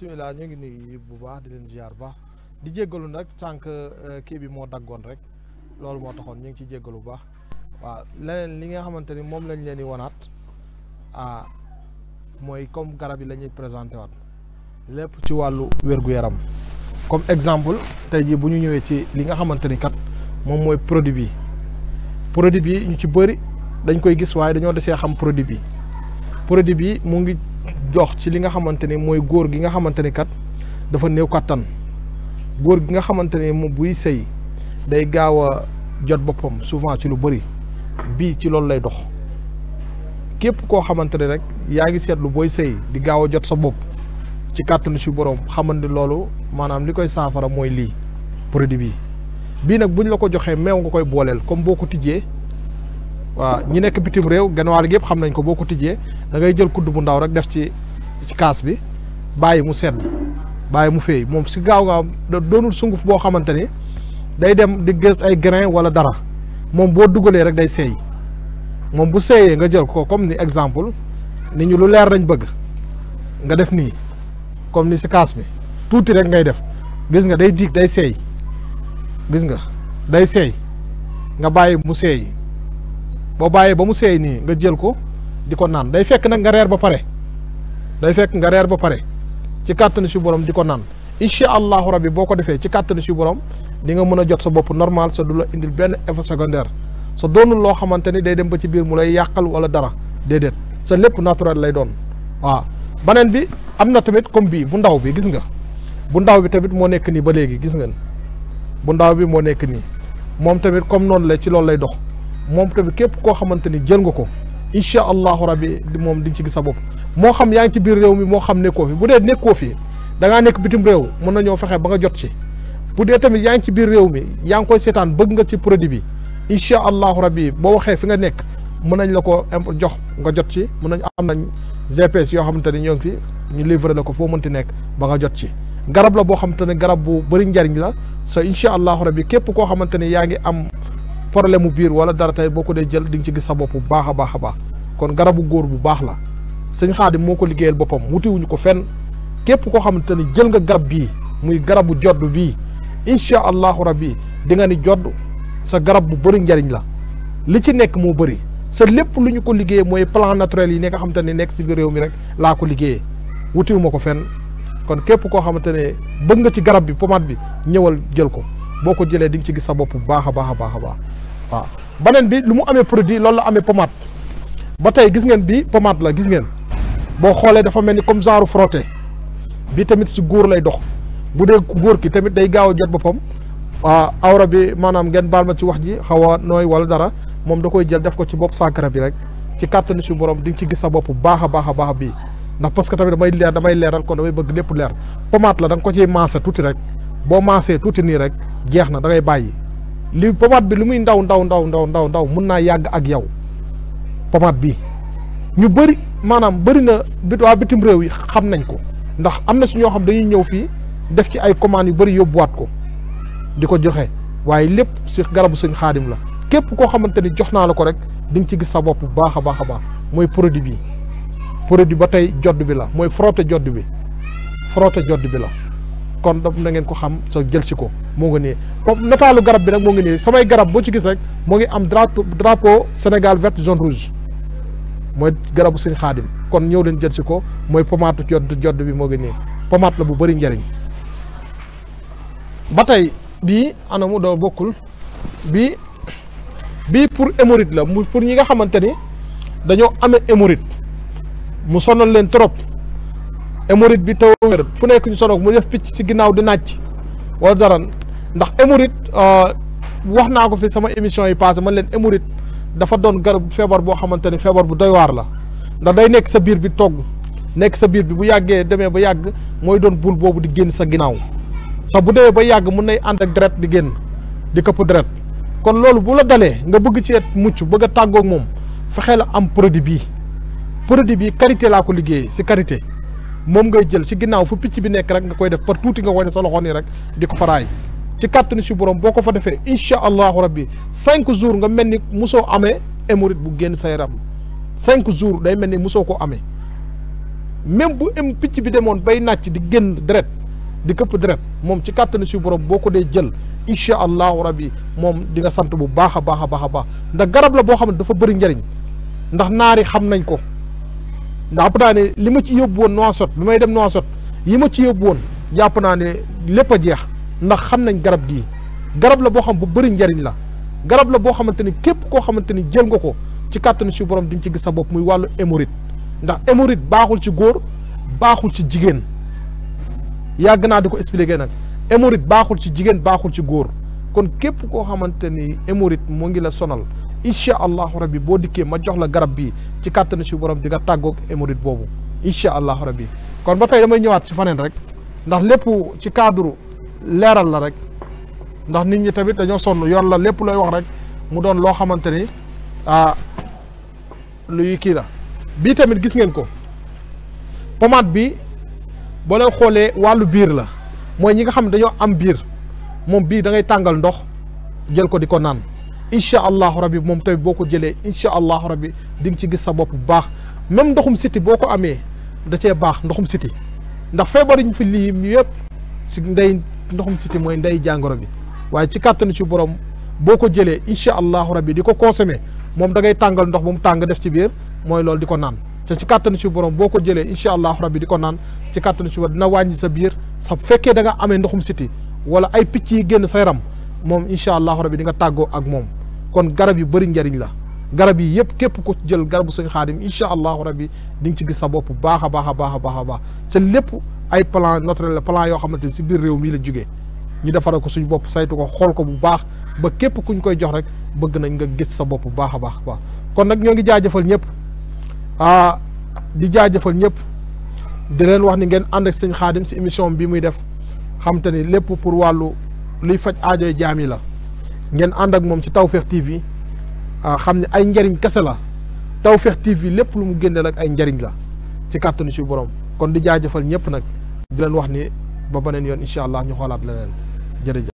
bisimilah ñu ngi nii nuyu bu baax di leen ziar baax di jéggalu nag sànq euh, kii bi moo daggoon rek loolu moo taxoon ñu ngi ci jéggalu bu baax waaw leneen li nga xamante ni moom lañ leen di wanaat ah mooy comme garab yi la ñuy présenté waat lépp ci wàllu wér-gu-yaram comme exemple tey jii bu ñu ñëwee ci li nga xamante ni kat moom mooy produit bi produit bi ñu ci bëri dañ koy gis waaye dañoo desee xam produit bi produit bi mu ngi jox ci li nga xamante ne mooy góor gi nga xamante ne kat dafa néew kàttan góor gi nga xamante ne moom buy sëy day gaaw jot boppam souvent ci lu bëri bii ci loolu lay dox képp koo xamante ne rek yaa ngi seetlu booy sëy di gaaw jot sa bopp ci kàttanu si borom xamal ni loolu maanaam li koy saafara mooy lii produit bi bii nag buñ la ko joxee meew nga koy booleel comme boo ko tijjee. waaw ñu nekk bitim réew genn wàll yëpp xam nañ ko boo ko tijjee da ngay jël kudd bu ndaw rek def ci ci kaas bi bàyyi mu sedd bàyyi mu feey moom si gaaw gaaw doonul sunguf boo xamante ni day dem di gës ay grain wala dara moom boo dugalee rek day seey moom bu seeyee nga jël ko comme ni exemple ni ñu lu leer lañ bëgg nga def nii comme ni si kaas bi tuuti rek ngay def gis nga day diig day seey gis nga day seey nga bàyyi mu seey bo baye ba mu sey ni nga jël ko diko nan day fekk nak nga reer ba paré day fekk nga reer ba paré ci carton ci borom diko nan rabbi boko defé ci carton ci borom di nga mëna jot sa bop normal sa dula indil ben effet secondaire sa donu lo xamanteni day dem ba ci bir mu lay yakal wala dara dedet sa lepp natural lay don wa banen bi amna tamit comme bi bu ndaw bi gis nga bu ndaw bi tamit mo nek ni ba légui gis nga bu ndaw bi mo nek ni mom tamit comme non la ci lay dox moom tamit képp koo xamante ni jël nga ko incha allahu rabi moom di ci gis sa bopp moo xam yaa ngi ci biir réew mi moo xam nekkoo fi bu dee nekkoo fi danga nekk bitim réew mën na ñoo fexe ba nga jot ci bu dee tamit yaa ngi ci biir réew mi yaa ngi koy seetaan bëgg nga ci produit bi incha allahu rabi boo waxee fi nga nekk mën nañ la ko jox nga jot ci mën nañ am nañ GPS yoo xamante ni ñoo ngi fi ñu livré la ko foo mënti nekk ba nga jot ci garab la boo xamante ne garab bu bëri njariñ la sa incha allahu rabi képp koo xamante ni yaa ngi am problème mu biir wala dara tey boo ko dee jël di ci gis sa bopp bu baax a baax kon garabu góor bu baax la sëñ Xaadim moo ko liggéeyal boppam wutiwuñu ko fenn képp koo xamante ni jël nga garab bii muy garabu jodd bii incha allahu rabbi di nga ni jodd sa garab bu bëri njariñ la li ci nekk moo bëri sa lépp lu ñu ko liggéeyee mooy plan naturel yi nga xamante ne nekk si biir réew mi rek laa ko liggéeyee wutiwu ma ko fenn kon képp koo xamante ne bëgg nga ci garab bi pomat bi ñëwal jël ko boo ko jëlee di ci gis sa bopp bu baax a baax a baax a baax waaw beneen bi lu mu amee produit loolu la amee pommade ba tey gis ngeen bi pommade la gis ngeen boo xoolee dafa mel ni comme genre frotté bi tamit si góor lay dox bu dee góor ki tamit day gaaw a jot boppam waaw awra bi maanaam ngeen baal ma ci wax ji xaw a nooy wala dara moom da koy jël def ko ci bopp sàkkara bi rek ci kàttanu si borom di nga ci gis sa bopp baax a baax baax bii ndax parce que tamit damay leer damay leeral kon damay bëgg lépp leer pommade la da nga ko ciy maase tuuti rek boo maasee tuuti nii rek jeex na da ngay bàyyi. li pomat bi li muy ndaw ndaw ndaw ndaw ndaw ndaw mun naa yàgg ak yow pomat bi ñu bëri maanaam bëri na bit waa bitim réew yi xam nañ ko ndax am na si ñoo xam dañuy ñëw fii def ci ay commandes yu bëri yóbbuwaat ko di ko joxe waaye lépp si garabu sëñ xaadim la képp koo xamante ni jox naa la ko rek di nga ci gis sa bopp bu baax a baax a baax mooy produit bi produit ba tey jodd bi la mooy frotté jodd bi frotté jodd bi la kon daf na ngeen ko xam sa jël si ko moo nga nii comme nataalu garab bi nag moo ngi nii samay garab boo ci gis rek moo ngi am drapeau drapeau Sénégal vert jaune rouge mooy garabu sëñ xaadim kon ñëw leen jël si ko mooy pommade jodd jodd bi moo ngi nii pommade la bu bari njariñ ba tey bii anamu doo bokkul bii bii pour hémorroïde la mu pour ñi nga xamante ni dañoo amee hémorroïde mu sonal leen trop hémorroïde bi taw wér fu nekk ñu sonoog mu def picc si ginnaaw di nàcc wala dara ndax hémorroïde euh, wax naa ko fi sama émission yi passé man leen hémorroïde dafa doon garab feebar boo xamante ne feebar bu doy waar la ndax day nekk sa biir bi togg nekk sa biir bi bu yàggee demee ba yàgg mooy doon bul boobu di génn sa ginnaaw sax bu demee ba yàgg mun nay ànd ak deret di génn di këpp deret kon loolu bu la dalee nga bëgg ci et mucc bëgg a tàggoog moom fexe la am produit bii produit bii karité laa ko liggéeyee si karité moom ngay jël si ginnaaw fu picc bi nekk rek nga koy def par tuuti nga koy def sa loxo nii rek di ko faraay ci kàttanu si borom boo ko fa defee incha allahu rabbi cinq jours nga mel ni musoo amee hémorroïde bu génn sa cinq jours day mel ni musoo ko amee même bu picc bi demoon bay nàcc di génn deret di këpp deret moom ci kàttanu si borom boo ko dee jël incha allahu rabbi moom di nga sant bu baax a baax a baax a baax ndax garab la boo xam ne dafa bëri njariñ ndax naari xam nañ ko ndax jàpp naa ne li ma ci yóbbu woon sot bi may dem Nouakchott yi ma ci yóbbu woon jàpp naa ne lépp a jeex ndax xam nañ garab gii garab la boo xam bu bari njariñ la garab la boo xamante ni képp koo xamante ni jël nga ko ci kàttanu si borom di nga ci gis sa bopp muy wàllu hémorroïde ndax hémorroïde baaxul ci góor baaxul ci jigéen yàgg naa di ko expliqué nag hémorroïde baaxul ci jigéen baaxul ci góor kon képp koo xamante ni hémorroïde moo ngi la sonal incha allahu rabbi boo dikkee ma jox la garab bi ci kàttanu si borom di nga tàggoog hémorroïde boobu incha allahu rabbi kon ba tey damay ñëwaat si faneen rek ndax lépp ci cadre leeral la rek ndax nit ñi tamit dañoo sonn yor la lépp looy wax rek mu doon loo xamante ni ah luy kii la bii tamit gis ngeen ko pommade bi boo xoolee wàllu biir la mooy ñi nga xam dañoo am biir moom bii da ngay tàngal ndox jël ko di ko naan incha allahu rabi moom tamit boo ko jëlee incha allahu rabi di nga ci gis sa bopp bu baax même ndoxum siti boo ko amee da cee baax ndoxum siti ndax feebar fi lii yëpp si ndey ndoxum siti mooy ndey jàngoro bi waaye ci kàttanu ci borom boo ko jëlee incha allahu rabi di ko consommé moom da tàngal ndox bu mu tàng def ci biir mooy loolu di ko naan te ci kàttanu ci borom boo ko jëlee incha allahu rabi di ko naan ci kàttanu ci borom dina wàññi sa biir sa fekkee da nga amee ndoxum siti wala ay picc yi génn sa yaram moom incha allahu rabi di nga tàggoo ak moom. kon garab yu bari njariñ la garab yi yëpp képp ku jël garabu seigne khadim inshallah rabbi ding ci gis sa bopp baakha baakha baakha baakha ba ce lepp ay plan notre le plan yo xamanteni ci bir rew mi la jugge ñu defaral ko suñu bop saytu ko xol ko bu baax ba kep kuñ koy jox rek bëgg nañ nga gis sa bop baakha baax kon nak ñoo ngi ah di jaajeufal ñep di leen wax ni ngeen and ak seigne khadim si émission bi muy def xamanteni lepp pour walu luy fajj aajo jami la ngeen ànd ak moom ci Tawfekh TV ah, xam ne ay njariñ kese la Tawfekh TV lépp lu mu génne nag ay njariñ la ci kàttanu si borom kon di jaajëfal ñëpp nag di leen wax ni ba beneen yoon incha allah ñu xoolaat leneen jërëjëf.